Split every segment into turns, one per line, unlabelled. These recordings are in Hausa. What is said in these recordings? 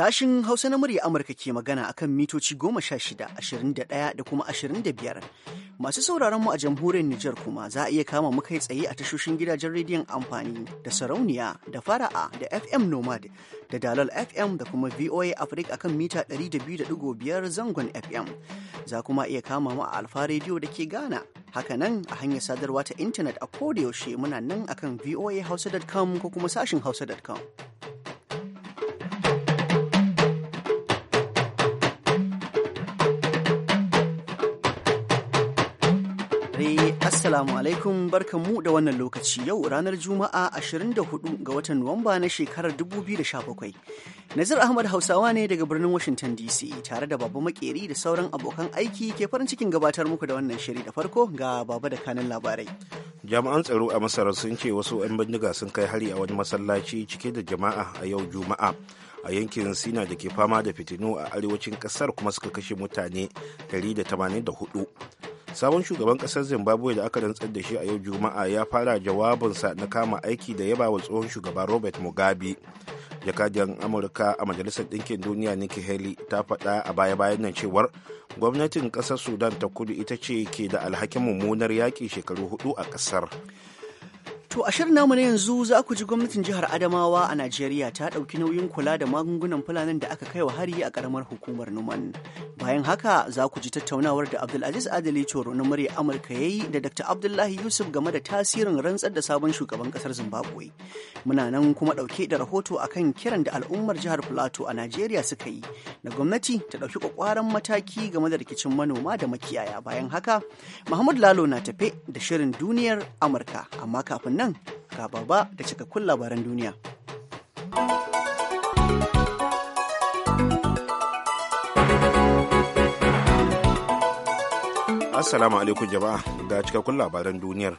Sashin Hausa na murya Amurka ke magana akan mitoci goma sha shida, ashirin da ɗaya da kuma ashirin da biyar. Masu sauraron mu a jamhuriyar Nijar kuma za a iya kama mu kai tsaye a tashoshin gidajen rediyon amfani da sarauniya da fara'a da FM Nomad da Dalal FM da kuma VOA Africa akan mita 200.5 zangon FM. Za kuma iya kama mu a Alfa Radio da ke Ghana. nan, a hanyar sadarwa ta intanet a kodayaushe muna nan akan voahausa.com ko kuma sashin hausa.com. saurare Assalamu alaikum mu da wannan lokaci yau ranar Juma'a 24 ga watan Nuwamba na shekarar 2017. Nazir Ahmad Hausawa ne daga birnin Washington DC tare da Baba Makeri da sauran abokan aiki ke farin cikin gabatar muku da wannan shiri da farko ga Baba da kanin labarai.
Jami'an tsaro a Masar sun ce wasu 'yan bindiga sun kai hari a wani masallaci cike da jama'a a yau Juma'a. a yankin sina da ke fama da fitinu a arewacin kasar kuma suka kashe mutane 184 sabon shugaban kasar zimbabwe da aka rantsar da shi a yau juma'a ya fara jawabinsa na kama aiki da yaba wa tsohon shugaba robert mugabe jakadiyar amurka a majalisar ɗinkin duniya nikki haley ta faɗa a baya-bayan nan cewar gwamnatin ƙasar sudan ta kudu ita ce ke da alhakin mummunar yaƙi shekaru hudu a ƙasar
To a shirin namu na yanzu za ku ji gwamnatin jihar Adamawa a Najeriya ta ɗauki nauyin kula da magungunan fulanin da aka kai wa hari a ƙaramar hukumar Numan. Bayan haka za ku ji tattaunawar da Abdulaziz Adali Coro na murya Amurka ya yi da Dr. Abdullahi Yusuf game da tasirin rantsar da sabon shugaban ƙasar Zimbabwe. Muna nan kuma ɗauke da rahoto a kan kiran da al'ummar jihar Filato a Najeriya suka yi na gwamnati ta ɗauki ƙwaƙwaran mataki game da rikicin manoma da makiyaya. Bayan haka, Muhammad Lalo na tafe da shirin duniyar Amurka amma kafin nan ga baba da cikakkun labaran duniya.
Assalamu alaikum jama'a ga cikakkun labaran duniyar.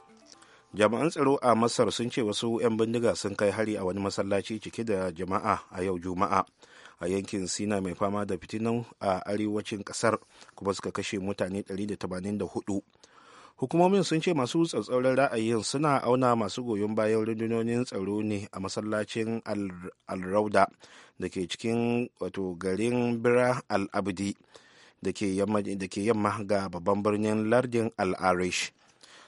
Jama'an tsaro a Masar sun ce wasu 'yan bindiga sun kai hari a wani masallaci cike da jama'a a yau Juma'a a yankin Sina mai fama da fitinan a arewacin ƙasar kuma suka kashe mutane 184 hukumomin sun ce masu tsatsauran ra'ayin suna auna masu goyon bayan rundunonin tsaro ne a masallacin alrauda da ke cikin wato garin bira al-abdi da ke yamma ga babban birnin lardin al-arish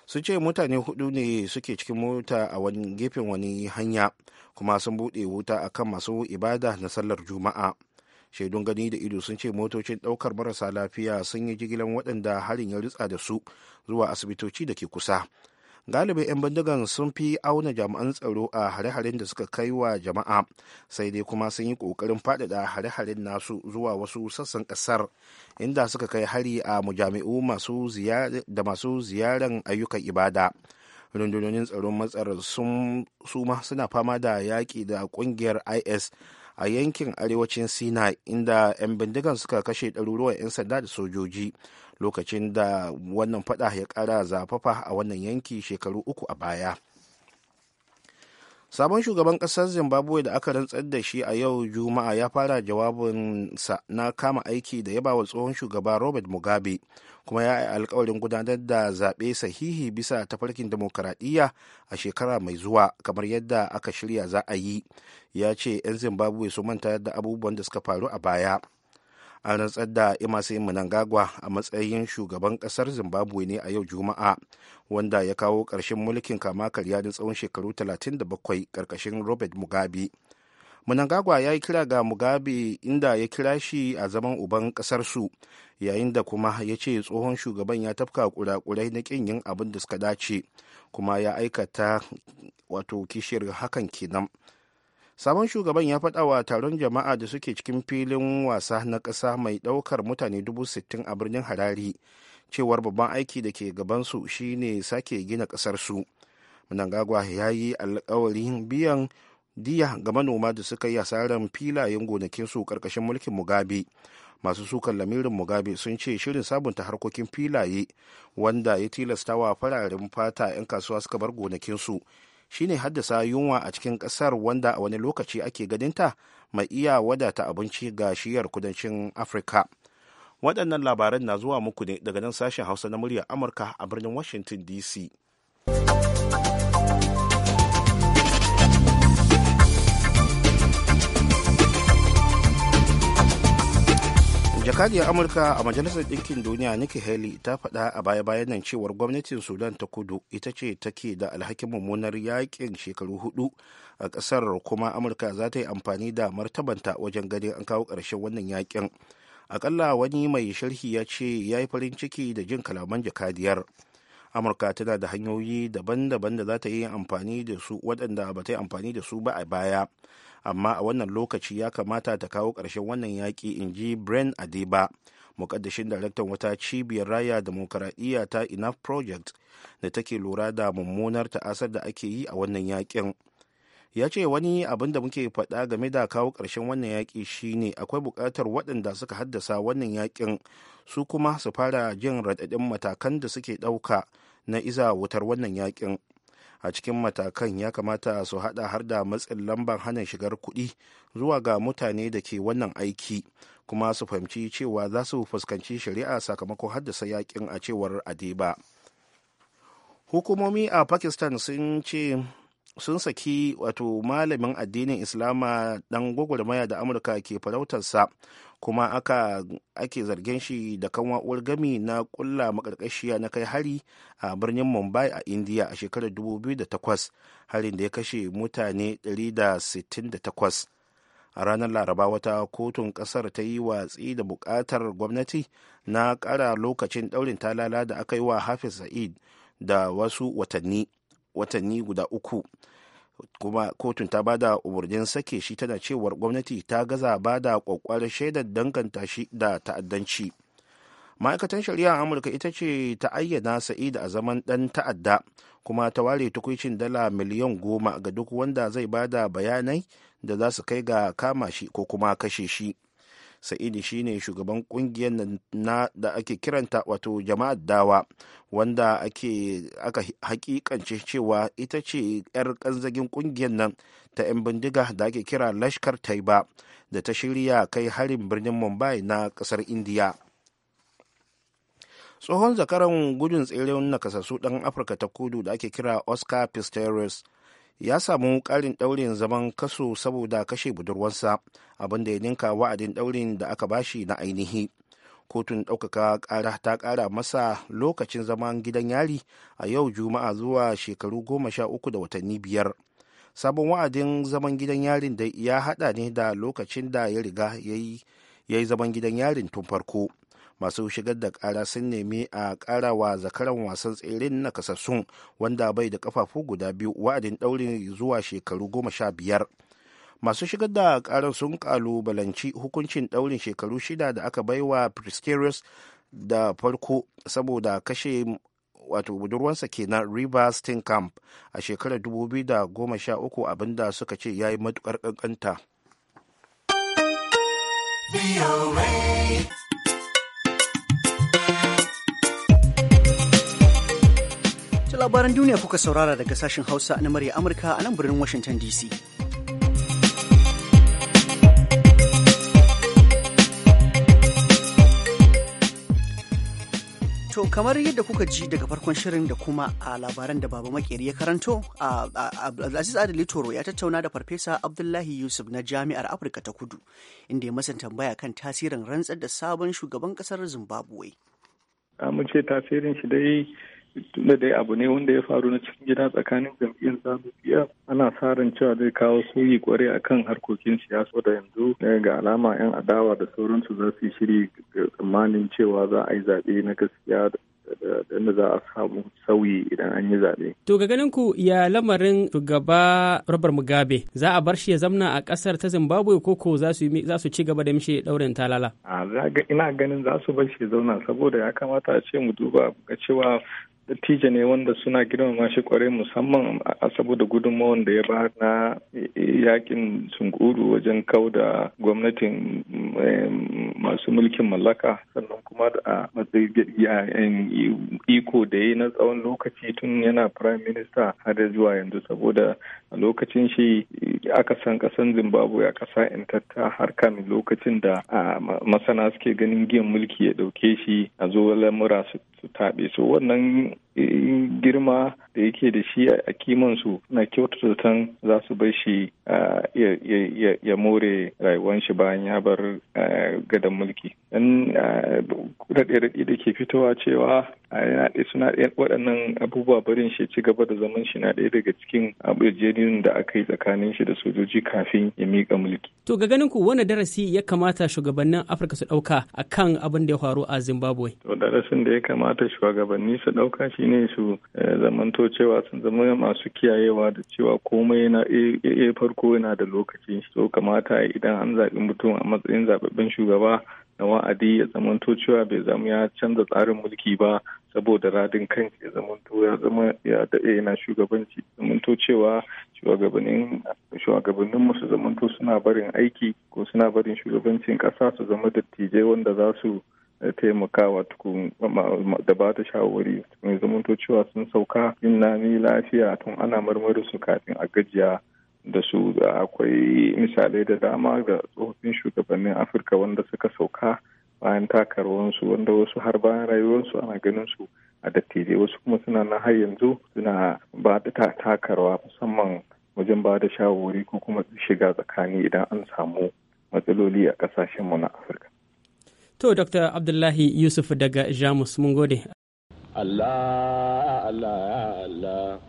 sun ce mutane hudu ne suke cikin mota a wani gefen wani hanya kuma sun buɗe wuta akan masu ibada na sallar juma'a shaidun gani da ido sun ce motocin daukar marasa lafiya sun yi jigilan waɗanda harin ya ritsa da su zuwa asibitoci da ke kusa galibin 'yan bindigan sun fi auna jami'an tsaro a hare-haren da suka kai wa jama'a sai dai kuma sun yi kokarin faɗaɗa hare-haren nasu zuwa wasu sassan ƙasar inda suka kai hari a mujami'u da masu ziyaran ayyukan ibada rundunonin tsaron matsar su ma suna fama da yaƙi da ƙungiyar is a yankin arewacin Sinai inda 'yan bindigan suka kashe ɗaruruwan 'yan sanda da sojoji lokacin da wannan fada ya ƙara zafafa a wannan yanki shekaru uku a baya. sabon shugaban kasar zimbabwe da aka rantsar da shi a yau juma'a ya fara jawabinsa na kama aiki da yaba wa tsohon shugaba robert mugabe kuma ya yi alkawarin gudanar da zaɓe sahihi bisa tafarkin demokaradiyya a shekara mai zuwa kamar yadda aka shirya za a yi ya ce 'yan zimbabwe su manta da abubuwan da suka faru a baya A rantsar da Emerson Mnangagwa a matsayin shugaban ƙasar Zimbabwe ne a yau Juma'a wanda ya kawo ƙarshen mulkin kama karya da tsawon shekaru 37 ƙarƙashin Robert Mugabe. Mnangagwa ya yi kira ga Mugabe inda ya kira shi a zaman uban ƙasarsu yayin da kuma ya ce tsohon shugaban ya tafka kurakurai na ƙin yin abin da suka dace kuma ya aikata wato kishiyar hakan kenan. sabon shugaban ya faɗa wa taron jama'a da suke cikin filin wasa na ƙasa mai ɗaukar mutane dubu sittin a birnin harari cewar babban aiki da ke gabansu shine sake gina ƙasarsu Mnangagwa ya yi alkawarin biyan diya ga manoma da suka yi asarar filayen gonakinsu ƙarƙashin mulkin mugabe masu sukan lamirin mugabe sun ce shirin sabunta harkokin filaye wanda ya tilasta wa fararen fata 'yan kasuwa suka bar gonakinsu shine haddasa yunwa a cikin ƙasar wanda a wani lokaci ake ganinta mai iya wadata abinci ga shiyar kudancin afirka waɗannan labaran na zuwa muku ne daga nan sashen hausa na muryar amurka a birnin washington dc jakadiyar amurka a majalisar ɗinkin duniya nikki haley ta faɗa a baya-bayan nan cewar gwamnatin sudan ta kudu ita ce take da alhakin mummunar yakin shekaru hudu a ƙasar kuma amurka za ta yi amfani da martabanta wajen ganin an kawo ƙarshen wannan yakin akalla wani mai sharhi ya ce ya yi farin ciki da jin kalaman jakadiyar amurka tana da hanyoyi daban-daban da za ta yi amfani da su waɗanda ba ta yi amfani da su ba a baya amma a wannan lokaci ya kamata ta kawo ƙarshen wannan yaƙi in ji bren adeba mukaddashin daraktan wata cibiyar raya demokaradiyya ta enough project da take lura da mummunar ta'asar da ake yi a wannan yaƙin ya ce wani abin da muke faɗa game da kawo ƙarshen wannan yaƙi shine akwai buƙatar waɗanda suka haddasa wannan yaƙin su kuma su fara jin raɗaɗin matakan da suke ɗauka na iza wutar wannan yaƙin a cikin matakan ya kamata su hada har da matsin lambar hana shigar kuɗi zuwa ga mutane da ke wannan aiki kuma su fahimci cewa za su fuskanci shari'a sakamakon haddasa yakin a cewar adeba hukumomi a pakistan sun ce sun saki wato malamin addinin islama dan gwagwarmaya da amurka ke farautarsa kuma aka ake zargin shi da kanwa uwar gami na kulla makarkashiya na kai hari a birnin mumbai a india a shekarar 2008 harin da ya kashe mutane 168 a ranar laraba wata kotun kasar ta yi watsi da bukatar gwamnati na kara lokacin daurin talala da aka yi wa hafiz sa'id da wasu watanni guda uku kuma kotun ta bada umarnin sake shi tana cewar gwamnati ta gaza bada kwakwarar shaidar danganta shi da ta'addanci ma'aikatan shari'a amurka ita ce ta ayyana sa'id a zaman dan ta'adda kuma ta ware tukwicin dala miliyan goma ga duk wanda zai bada bayanai da za su kai ga kama shi ko kuma kashe shi sa'idi shine shugaban kungiyar na da ake kiranta wato jama'ar dawa wanda ake aka hakikance cewa ita ce 'yar kanzagin kungiyar nan ta 'yan bindiga da ake kira lashkar taiba da ta shirya kai harin birnin mumbai na kasar indiya tsohon zakaran gudun tseren nakasassu ɗan afirka ta kudu da ake kira oscar pistorius ya samu ƙarin ɗaurin zaman kaso saboda kashe budurwarsa abinda ya ninka wa'adin ɗaurin da aka bashi na ainihi kotun ɗaukaka ƙara ta ƙara masa lokacin zaman gidan yari a yau juma'a zuwa shekaru goma sha uku da watanni biyar sabon wa'adin zaman gidan yarin da ya haɗa ne da lokacin da ya riga ya yi zaman gidan yarin tun farko masu shigar da kara sun nemi a kara wa zakaran wasan tseren na kasassun wanda bai da kafafu guda biyu wa'adin daurin zuwa shekaru goma sha biyar masu shigar da kara sun kalubalanci hukuncin daurin shekaru shida da aka baiwa priscarius da farko saboda kashe wato budurwansa kenan rivers camp a shekarar 2013 abinda suka ce ya yi matukar kankanta.
labaran duniya kuka saurara daga sashen Hausa na murya Amurka a nan birnin Washington DC. To kamar yadda kuka ji daga farkon shirin da kuma a labaran da Baba Makeri ya karanto, Abdulaziz Adali Toro ya tattauna da Farfesa Abdullahi Yusuf na Jami'ar Afirka ta Kudu, inda ya masan tambaya kan tasirin rantsar da sabon shugaban ƙasar Zimbabwe.
Mu tasirin shi dai tunda dai abu ne wanda ya faru na cikin gida tsakanin jam'iyyar zamu ana sa ran cewa zai kawo sauyi kwarai akan harkokin siyasa da yanzu eh, ga alama yan adawa da sauransu za su yi shiri tsammanin cewa za a yi zaɓe na gaskiya da za a samu sauyi idan an yi zaɓe.
To ga ganin ku ya lamarin shugaba Robert Mugabe za a bar shi ya zamna a ƙasar ta Zimbabwe ko ko za su ci gaba da mishi ɗaurin talala?
ina ganin za su bar shi ya zauna saboda ya kamata a ce mu duba ga cewa dattijo ne wanda suna girmama shi kwarai musamman a saboda gudunmawar da ya ba na yakin sunkuru wajen kau da gwamnatin masu mulkin mallaka sannan kuma da matsayin iko da ya yi na tsawon lokaci tun yana prime minister har da zuwa yanzu saboda a lokacin shi aka san kasan zimbabwe a kasa intatta har kamin lokacin da masana suke ganin giyan mulki ya dauke shi a zo lamura su taɓe so wannan point. girma da yake da shi a kimansu na kyautata zaton za su bar shi ya more rayuwan shi bayan ya bar gadon mulki dan raɗe-raɗe da ke fitowa cewa suna ɗaya waɗannan abubuwa barin shi ci gaba da zaman shi na ɗaya daga cikin yarjejenin da aka yi tsakanin shi da sojoji kafin ya miƙa mulki.
To ga ganin ku wani darasi ya kamata shugabannin Afirka su ɗauka akan abin da ya faru a Zimbabwe?
To darasin da ya kamata shugabanni su ɗauka shi shine su eh, zamanto cewa sun zama masu kiyayewa da cewa komai na e eh, eh, farko yana da lokaci so kamata idan an zaɓi mutum a matsayin zaɓaɓɓen shugaba na wa'adi ya zamanto cewa bai zama ya canza tsarin mulki ba saboda radin kan ya zamanto ya zama ya daɗe yana shugabanci zamanto cewa shugabannin shugabannin su zamanto suna barin aiki ko suna barin shugabancin ƙasa su zama dattijai wanda za su taimakawa tukun da ba ta shawari tukun zamanto cewa sun sauka yin nami lafiya tun ana marmari su kafin a gajiya da su da akwai misalai da dama ga tsofaffin shugabannin afirka wanda suka sauka bayan takarwansu wanda wasu har bayan rayuwarsu ana ganin su a dattijai wasu kuma suna na har yanzu suna ba da takarwa musamman wajen ba da shawari ko kuma shiga tsakani idan an samu matsaloli a kasashenmu na afirka
To, Dr. Abdullahi Yusuf daga Jamus, mun gode.
Allah,
Allah,
Allah,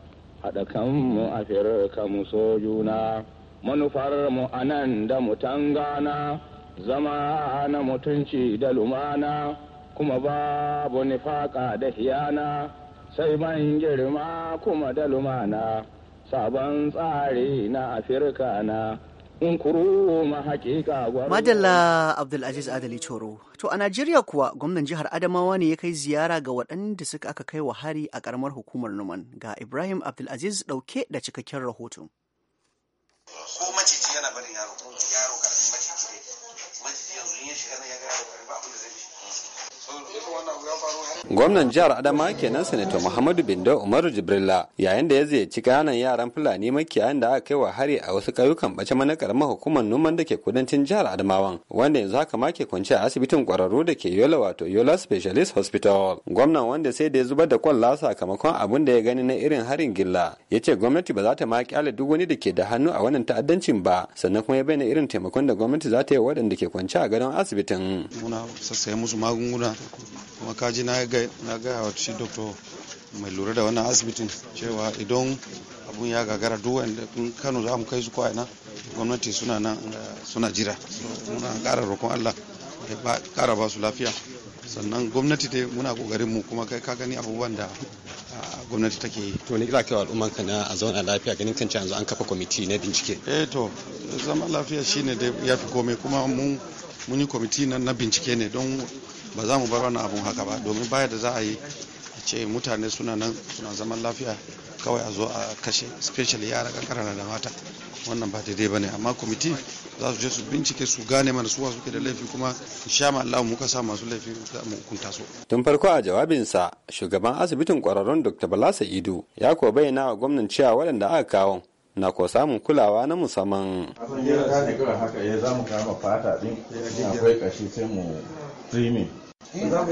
haɗa kanmu a kanmu so juna, manufar mu anan da mutangana gana zama na mutunci da lumana, kuma babu nifaka da hiyana, sai ban girma
kuma da lumana, sabon tsari na Afirka na. Madalla Abdulaziz Adali Toro. To a Najeriya kuwa gwamnan jihar Adamawa ne ya kai ziyara ga waɗanda suka aka kai wa hari a ƙaramar hukumar Numan ga Ibrahim Abdulaziz ɗauke da cikakken rahoton.
Gwamnan jihar Adama kenan Sanato Muhammadu Bindo Umaru Jibrilla yayin da ya ziyarci kananan yaran Fulani makiyayan da aka kai wa hari a wasu ƙauyukan bace mana karamar hukumar noman da ke kudancin jihar Adamawa, wanda yanzu haka ma ke kwance a asibitin kwararru da ke Yola wato Yola Specialist Hospital. Gwamnan wanda sai da ya zubar da kwalla sakamakon abin da ya gani na irin harin gilla ya ce gwamnati ba za ta ma kyale duk wani da ke da hannu a wannan ta'addancin ba sannan kuma ya bayyana irin taimakon da gwamnati za ta yi waɗanda ke kwance a gadon asibitin. Muna
na gaya wa shi doktor mai lura da wannan asibitin cewa idan abun ya gagara duk wanda in kano za mu kai su ko'ina gwamnati suna nan suna jira muna ƙara roƙon allah ya ƙara ba su lafiya sannan gwamnati ta muna ƙoƙarin mu kuma kai ka gani abubuwan da
gwamnati take yi to ne kira kai al'umman ka na a zauna lafiya ganin kan yanzu an kafa kwamiti na bincike eh to
zaman lafiya shine da ya fi komai kuma mun mun yi kwamiti na bincike ne don ba za mu bar wannan abun haka ba domin baya da za a yi ce mutane suna nan suna zaman lafiya kawai a zo a kashe special yara kankara da mata wannan ba daidai ba ne amma kwamiti za su je su bincike su gane mana suwa suke da laifi kuma sha ma Allah muka sa masu laifi mu
hukunta su. Tun farko a jawabinsa shugaban asibitin kwararrun Dr. Bala Sa'idu ya ko bayyana wa gwamnan cewa waɗanda aka kawo na ko samun kulawa na musamman. a Asan yi da haka ya eh, za mu kama fata din akwai kashi sai mu kamar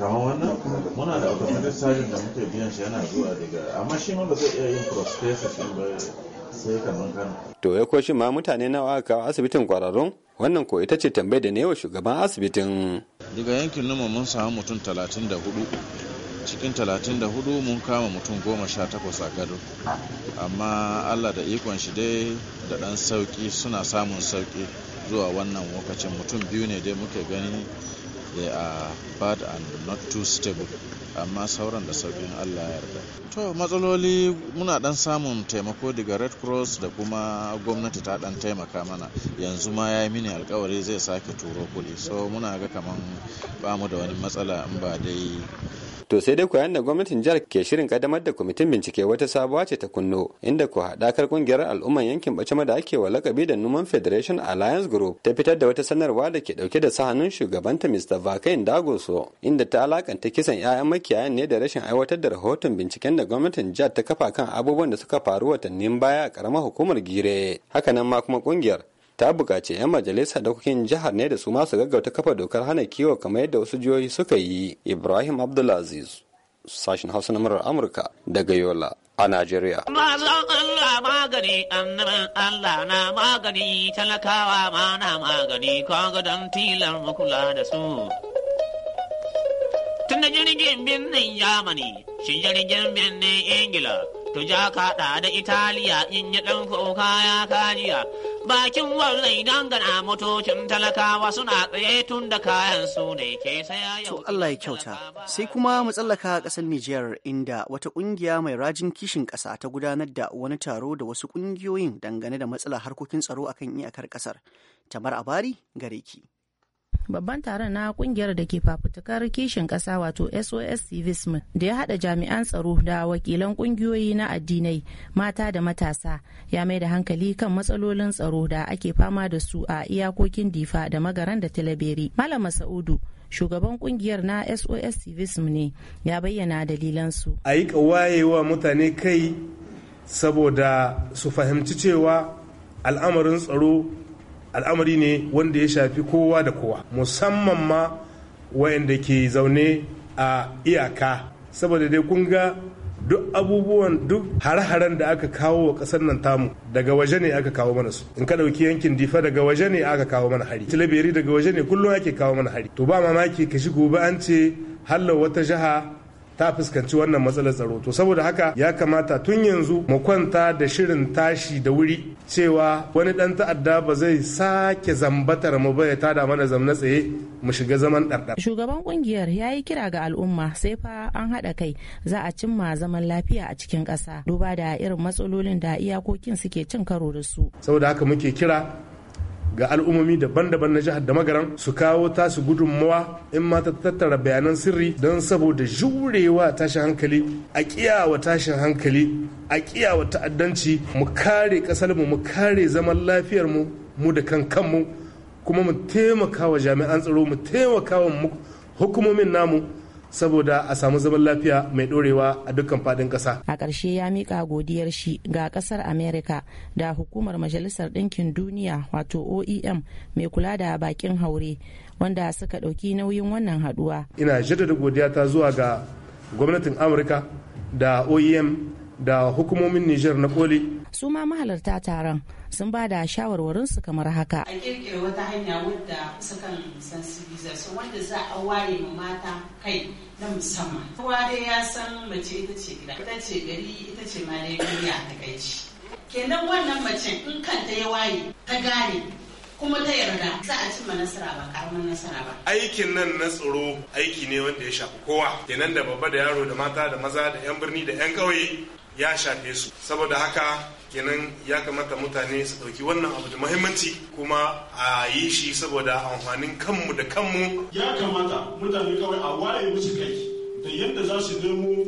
wannan muna da automatic charging da muke biyan shi yana zuwa daga amma shi ma ba zai iya yin cross cases ba sai kamar kano to ya koshi ma mutane nawa aka kawo asibitin kwararrun wannan ko ita ce tambayar da ne wa shugaban asibitin daga yankin noma mun samu mutum talatin da hudu cikin 34 mun kama mutum 18 a gado amma allah da ikon shi dai da ɗan sauƙi suna samun sauƙi zuwa wannan lokacin mutum biyu ne dai muke gani they are bad and not too stable amma sauran da saukin allah ya yarda to matsaloli muna dan samun taimako daga red cross da kuma gwamnati ta dan taimaka mana yanzu ma ya yi mini alkawari zai sake turo kuɗi so muna ga kaman ba mu da wani matsala in ba dai to sai dai ku yanda gwamnatin jihar ke shirin kadamar da kwamitin bincike wata sabuwa ce ta kunno inda ku haɗakar kungiyar al'umman yankin bacima da ake wa lakabi da numan federation alliance group ta fitar da wata sanarwa da ke dauke da sa hannun shugabanta mr vakain dagoso inda ta alakanta kisan 'ya'yan maki makiyayan ne da rashin aiwatar da rahoton binciken da gwamnatin jihar ta kafa kan abubuwan da suka faru watannin baya a karamar hukumar gire hakanan ma kuma kungiyar ta buƙaci 'yan majalisa kukin jihar ne da su masu gaggauta kafa dokar hana kiwo kamar yadda wasu jihohi suka yi ibrahim abdulaziz sashen hausa na murar amurka daga yola a Najeriya.
magani, annabin Allah na magani, talakawa ma na magani, kwa don tilar makula da su. Tun da jirgin birnin Yamani, shi
jirgin birnin Ingila, to ja kaɗa da Italiya in yi ɗan kuka ya
kajiya. Bakin wannan dangana motocin talakawa suna tsaye tun da kayan su ne ke saya yau. To Allah ya kyauta, sai kuma mu tsallaka ƙasar Nijiyar inda wata ƙungiya mai rajin kishin ƙasa ta gudanar da wani taro da wasu ƙungiyoyin dangane da matsalar harkokin tsaro akan iyakar ƙasar. Tamar Abari gare ki. babban
taron na kungiyar da ke fafutukar kishin kasa wato sos civism da ya hada jami'an tsaro da wakilan kungiyoyi na addinai mata da matasa ya mai da hankali kan matsalolin tsaro da ake fama da su a iyakokin difa da magaran da talaberi malam Sa'udu, shugaban kungiyar na sos civism ne ya bayyana dalilansu a
yi wayewa mutane kai saboda su fahimci cewa al'amarin tsaro al'amari ne wanda ya shafi kowa da kowa musamman ma wayanda ke zaune a iyaka saboda dai kun ga duk abubuwan duk har haren da aka kawo wa kasar nan tamu daga waje ne aka kawo mana su in ka ɗauki yankin difa daga waje ne aka kawo mana hari tilabiri daga waje ne kullum ake kawo mana hari to ba mamaki ka shigo ba an ce hallar wata jiha ta fuskanci wannan matsalar tsaro to saboda haka ya kamata tun yanzu mu kwanta da shirin tashi da wuri cewa wani dan ta'adda ba zai sake zambatar mu ba ya tada mana zamna tsaye mu shiga zaman ɗarɗar. shugaban
kungiyar ya yi kira ga al'umma sai fa an haɗa kai za a cimma zaman lafiya a cikin ƙasa duba da irin matsalolin da iyakokin suke cin karo da su
saboda haka muke kira ga al'ummomi daban-daban na jihar da magaran su kawo tasu gudunmawa in ma ta tattara bayanan sirri don saboda jurewa tashin hankali a kiyawa tashin hankali a kiyawa ta'addanci mu kare kasarmu mu kare zaman lafiyarmu mu da kan kanmu kuma mu taimaka wa jami'an tsaro mu taimaka wa hukumomin namu saboda a samu zaman lafiya mai dorewa a dukkan fadin kasa.
A ƙarshe ya miƙa godiyar shi ga ƙasar Amerika da hukumar Majalisar Ɗinkin Duniya wato OEM mai kula da bakin haure wanda suka ɗauki nauyin wannan haɗuwa.
Ina jaddada godiya ta zuwa ga gwamnatin Amurka da OEM da hukumomin Nijar na koli
su ma mahalarta taron sun ba da su kamar haka a
kirkira wata hanya wadda sukan su, wanda za a ware mata kai na musamman kowa dai ya san mace ita ce gida ita ce gari ita ce ma dai duniya ta kenan wannan mace in kanta ya waye ta gane kuma ta yarda za a cimma nasara ba karamin nasara ba.
Aikin nan na tsoro aiki ne wanda ya shafi kowa kenan da babba da yaro da mata da maza da 'yan birni da 'yan ƙauye ya shafe su saboda haka kenan ya kamata mutane su ɗauki wannan abu da muhimmanci kuma a yi shi saboda amfanin kanmu da
kanmu ya kamata mutane kawai a waye musu kai da yadda za su nemo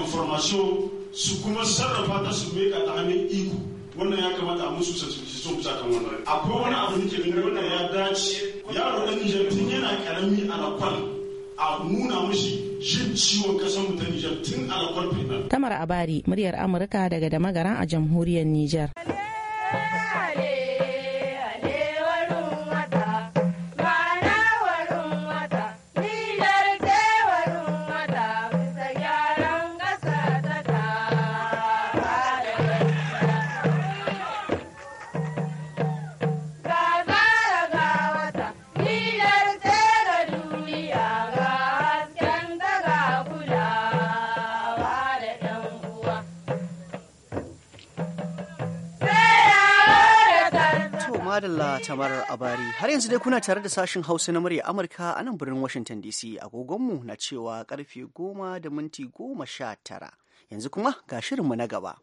information su kuma sarrafa ta su mai ta hannun iko wannan ya kamata a musu su bisa kan wannan akwai wani abu da ke wannan ya dace yaro ɗan nijar tun yana karami a kwal a nuna mashi jin ciwon kasan ta Nijar tun a lakwar
Tamar Abari, muryar Amurka daga da a jamhuriyar Nijar.
Tamarar Abari. Har yanzu dai kuna tare da sashen Hausa na murya Amurka a nan birnin Washington DC. Agogonmu na cewa karfe goma da minti goma sha tara. Yanzu kuma ga shirinmu na gaba.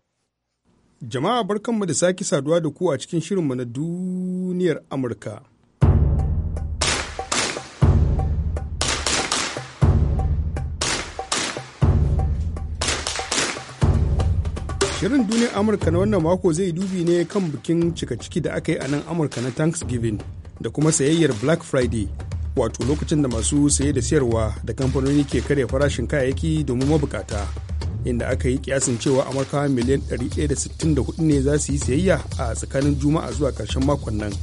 Jama'a barkanmu da sake saduwa da ku a cikin shirinmu na duniyar Amurka. Shirin duniyar Amurka na wannan mako zai dubi ne kan bikin cika-ciki da aka yi a nan Amurka na Thanksgiving da kuma sayayyar Black Friday, wato lokacin da masu saye da sayarwa da kamfanoni ke karya farashin kayayyaki domin mabukata, inda aka yi kiyasin cewa Amurka miliyan 164 ne za su yi sayayya a tsakanin Juma'a zuwa ƙarshen makon nan.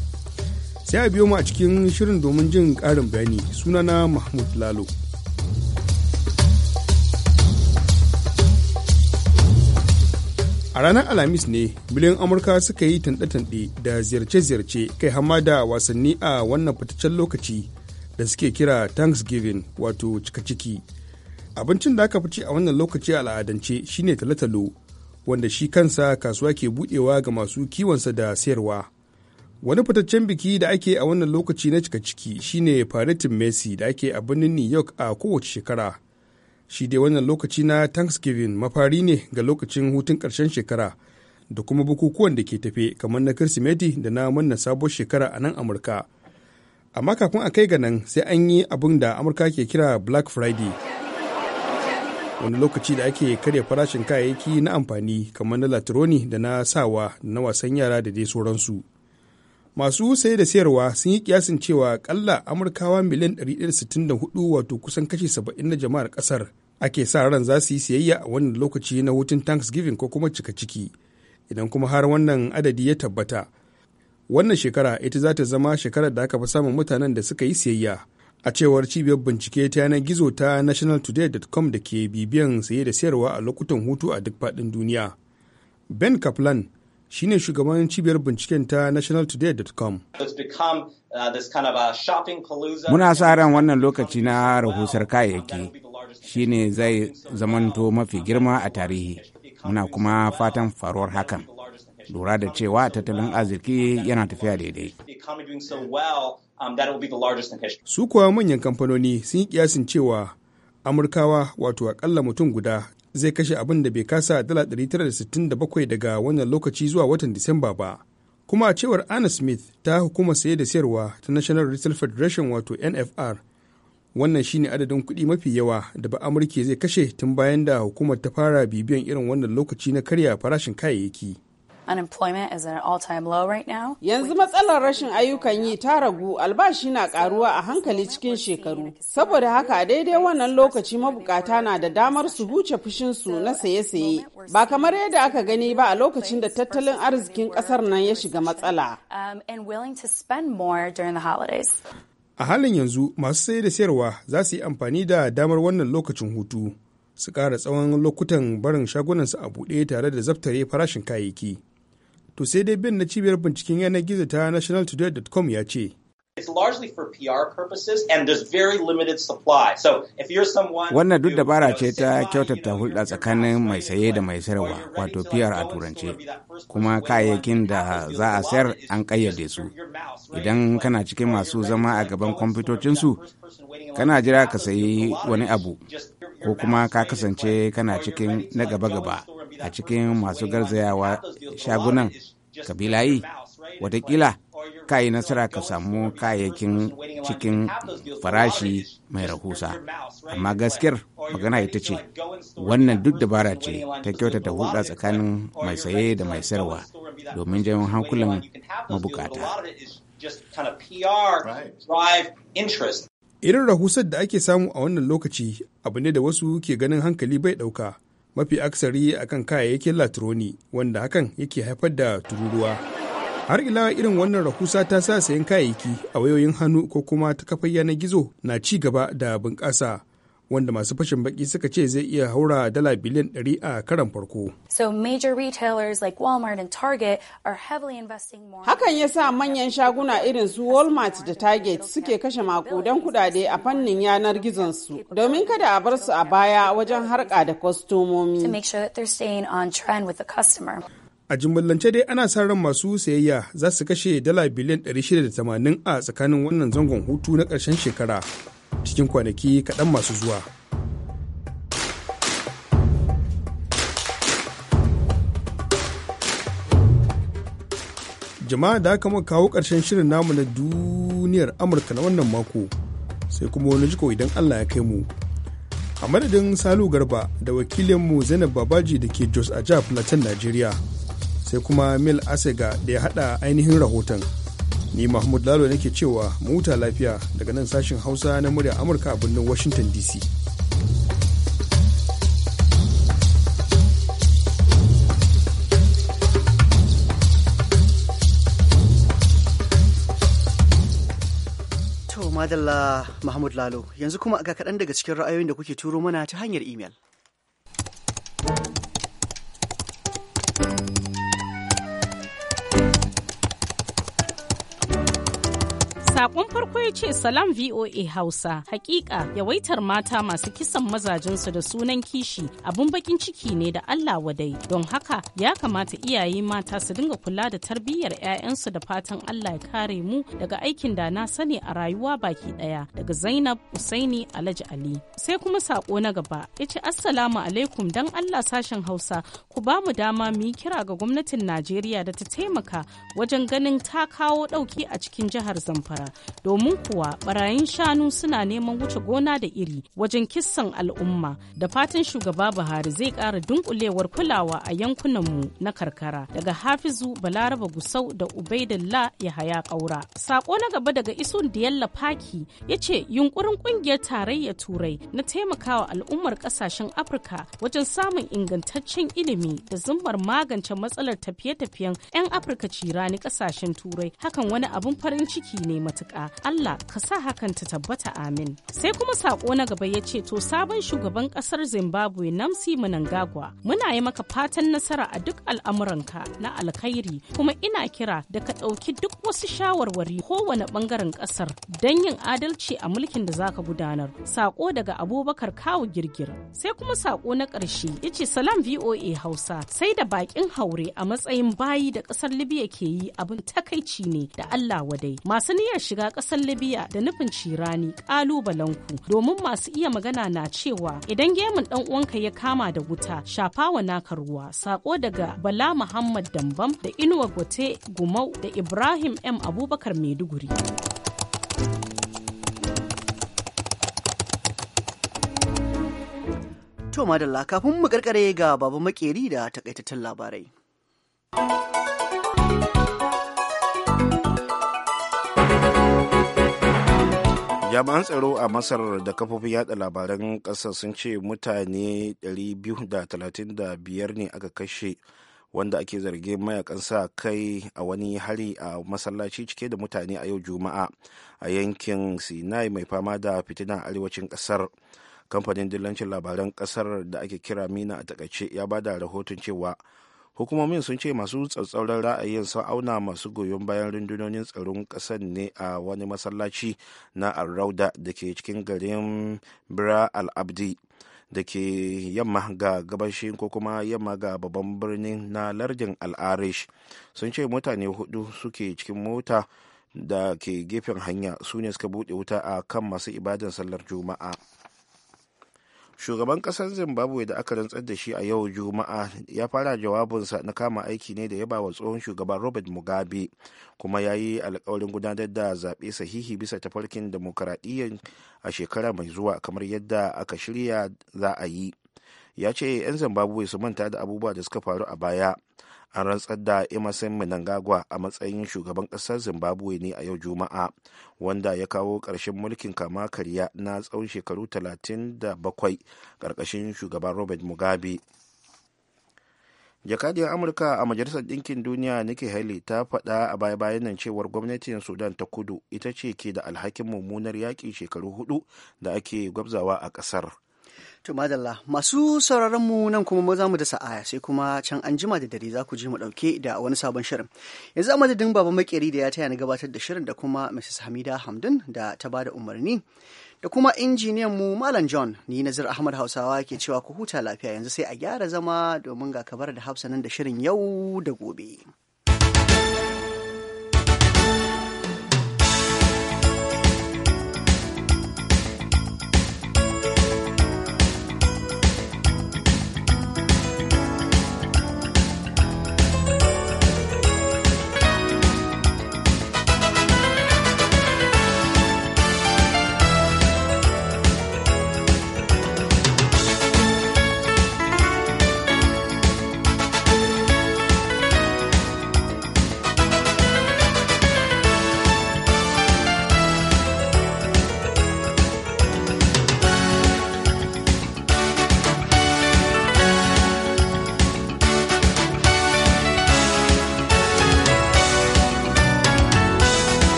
Sai a biyo mu a cikin shirin domin jin ƙarin bayani sunana Mahmud Lalo. a ranar alhamis ne miliyan amurka suka yi tanɗe-tanɗe da ziyarce-ziyarce kai hama da wasanni a wannan fitaccen lokaci da suke kira thanksgiving wato cika ciki abincin da aka fi a wannan lokaci a al'adance shine talotalo wanda shi kansa kasuwa ke budewa ga masu kiwonsa da sayarwa wani fitaccen biki da ake a wannan lokaci na cika ciki shine faretin messi da ake a birnin new york a kowace shekara shi dai wannan lokaci na thanksgiving mafari ne ga lokacin hutun ƙarshen shekara da kuma bukukuwan da ke tafe kamar na kirsimeti da na manna sabuwar shekara a nan amurka amma kafin a kai ga nan sai an yi abin da amurka ke kira black friday wani lokaci da ake karya farashin kayayyaki na amfani kamar na latironi da na sawa na wasan yara da dai sauransu masu sai da sayarwa sun yi kiyasin cewa kalla amurkawa miliyan 164 wato kusan kashi 70 na jama'ar kasar ake sa ran za su yi siyayya a wannan lokaci na hutun thanksgiving ko kuma cika ciki idan kuma har wannan adadi ya tabbata wannan shekara ita za ta zama shekarar da aka fi samun mutanen da suka yi siyayya a cewar cibiyar bincike ta yanar gizo ta nationaltoday.com da ke bibiyan saye da sayarwa a lokutan hutu a duk faɗin duniya ben kaplan shi ne shugaban cibiyar binciken ta nationaltoday.com.
Uh, Muna sa
ran wannan lokaci na rahusar kayayyaki shi ne zai zamanto mafi girma a tarihi. Muna kuma fatan faruwar hakan. Lura da cewa tattalin arziki yana tafiya daidai. Um, Su kuwa manyan kamfanoni sun yi kiyasin cewa Amurkawa wato akalla mutum guda zai kashe abin da bai kasa dala 967 daga wannan lokaci zuwa watan Disamba ba. Kuma a cewar Anna Smith ta hukuma saye da sayarwa ta National Retail Federation wato NFR, wannan shine adadin kuɗi mafi yawa da ba Amurke zai kashe tun bayan da hukumar ta fara bibiyan irin wannan lokaci na karya farashin kayayyaki.
Unemployment is at an all Yanzu matsalar rashin ayyukan yi ta ragu albashi na karuwa a hankali cikin shekaru. Saboda haka a daidai wannan lokaci mabukata na da damar su huce fushinsu na saye-saye. Ba kamar yadda aka gani ba a lokacin da tattalin arzikin kasar nan ya shiga matsala.
Um,
a halin yanzu masu saye da sayarwa za su yi amfani da damar wannan lokacin hutu. su kara tsawon lokutan barin shagunansu a buɗe tare da zaftare farashin kayayyaki. to sai dai bin na cibiyar binciken yanar gizo ta nationaltoday.com ya ce
its largely for and very limited so if Wannan duk
dabara ce ta kyautata hulɗa tsakanin mai saye da mai sayarwa wato PR a turance, kuma kayayyakin da za a sayar an kayyade su. Idan kana cikin masu zama a gaban kwamfutocinsu, kana jira ka sayi wani abu, ko kuma ka kasance kana cikin na gaba-gaba. a cikin masu garzayawa shagunan kabilayi watakila ka yi nasara ka samu kayayyakin cikin farashi mai rahusa amma gaskiyar magana ita ce wannan duk dabara ce ta kyauta ta hulɗa tsakanin mai saye da mai sayarwa domin janyo hankulan mabukata irin rahusar da ake samu a wannan lokaci abu ne da wasu ke ganin hankali bai ɗauka mafi aksari a kan kayayyakin latroni wanda hakan yake haifar da tururuwa har ila irin wannan rahusa ta sa sayan kayayyaki a wayoyin hannu ko kuma ta kafar yanar gizo na ci gaba da bunƙasa wanda masu fashin baki suka ce zai iya haura dala biliyan 100 a karan farko.
So major retailers like Walmart and Target are heavily investing
Hakan ya sa manyan shaguna irin su Walmart da Target suke kashe makudan kudade a fannin yanar gizon su domin kada a bar su a baya wajen harka da kwastomomi. To make sure
on trend with the
A jimillance dai ana sa ran masu sayayya za su kashe dala biliyan 680 a tsakanin wannan zangon hutu na ƙarshen shekara. cikin kwanaki kaɗan masu zuwa. Jama'a da aka kawo ƙarshen shirin namu na duniyar Amurka na wannan mako sai kuma wani jiko idan Allah ya kai mu. A madadin Salu Garba da wakilinmu Zainab Babaji da ke Jos a jihar Plateau, Najeriya sai kuma Mil Asega da ya haɗa ainihin rahoton. ni mahmud lalo nake cewa muta lafiya daga nan sashin hausa na murya amurka a birnin washington dc
madalla mahmud lalo yanzu kuma ga kaɗan daga cikin ra'ayoyin da kuke turo mana ta hanyar imel
Sakon farko ya ce salam VOA Hausa. Hakika yawaitar mata masu kisan mazajensu da sunan kishi abun bakin ciki ne da Allah wadai. Don haka ya kamata iyaye mata su dinga kula da tarbiyyar 'ya'yansu da fatan Allah ya kare mu daga aikin da na sani a rayuwa baki ɗaya daga Zainab Usaini Alhaji Ali. Sai kuma sako na gaba ya ce Assalamu alaikum don Allah sashen Hausa ku ba mu dama mu yi kira ga gwamnatin Najeriya da ta taimaka wajen ganin ta kawo ɗauki a cikin jihar Zamfara. domin kuwa barayin shanu suna neman wuce gona da iri wajen kissan al'umma da fatan shugaba Buhari zai kara dunkulewar kulawa a yankunanmu na karkara daga Hafizu Balaraba Gusau da Ubaidillah haya Kaura. Sako na gaba daga Isun Diyalla Faki ya ce yunkurin kungiyar tarayyar Turai na taimakawa al'ummar ƙasashen Afirka wajen samun ingantaccen ilimi da zummar magance matsalar tafiye-tafiyen 'yan Afirka cirani ƙasashen Turai hakan wani abin farin ciki ne mata. matuƙa Allah ka sa hakan ta tabbata amin sai kuma sako na gaba ya ce to sabon shugaban ƙasar Zimbabwe Namsi Mnangagwa muna yi maka fatan nasara a duk al'amuranka na alkhairi kuma ina kira da ka ɗauki duk wasu shawarwari kowane ɓangaren ƙasar don yin adalci a mulkin da zaka gudanar sako daga Abubakar Kawu Girgir sai kuma sako na ƙarshe ya ce salam VOA Hausa sai da bakin haure a matsayin bayi da ƙasar Libya ke yi abin takaici ne da Allah wadai masu niyyar shiga ƙasar Libya da nufin cirani ƙalubalenku domin masu iya magana na cewa idan gemun ɗan uwanka ya kama da wuta shafawa naka ruwa sako daga Bala Muhammad Dambam da Inuwa Gote Gumau da
Ibrahim M Abubakar Maiduguri. To madalla kafin mu karkare ga baba makeri da takaitattun labarai.
jami'an tsaro a masar da kafofin yada labaran ƙasar sun ce mutane 235 ne aka kashe wanda ake zargin mayakan sa kai a wani hari a masallaci cike da mutane a yau juma'a a yankin sinai mai fama da fitina arewacin ƙasar kamfanin dillancin labaran ƙasar da ake kira mina a takaice ya bada rahoton cewa hukumomin sun ce masu tsatsauran ra'ayin sun auna masu goyon bayan rundunonin tsaron ƙasar ne a wani masallaci na arrauda da ke cikin garin bira al-abdi da ke yamma ga gabashi ko kuma yamma ga babban birnin na lardin al'arish sun ce mutane hudu suke cikin mota da ke gefen hanya su ne suka bude wuta a kan masu ibadan sallar juma'a shugaban kasar zimbabwe da aka rantsar da shi a yau juma'a ya fara jawabinsa na kama aiki ne da ya bawa tsohon shugaban robert mugabe kuma ya yi alkawarin gudanar da zaɓe sahihi bisa tafarkin demokaradiyyar a shekara mai zuwa kamar yadda aka shirya za a yi ya ce 'yan zimbabwe su manta da abubuwa da suka faru a baya an rantsar da emerson Mnangagwa a matsayin shugaban ƙasar zimbabwe ne a yau juma'a wanda ya kawo ƙarshen mulkin kama karya na tsawon shekaru 37 ƙarƙashin shugaban robert mugabe jakadiyar amurka a majalisar ɗinkin duniya nike haley ta faɗa a baya-bayan nan cewar gwamnatin sudan ta kudu ita ce ke da alhakin mummunar yaƙi shekaru hudu da ake gwabzawa a ƙasar
To madalla masu sauraron mu nan kuma za mu da sa'aya sai kuma can an jima da dare za ku ji mu dauke da wani sabon shirin. Yanzu a madadin baba makeri da ya taya na gabatar da shirin da kuma Mrs. Hamida Hamdun da ta bada umarni. Da kuma injiniyan mu Malam John ni Nazir Ahmad Hausawa ke cewa ku huta lafiya yanzu sai a gyara zama domin ga kabar da hafsa da shirin yau da gobe.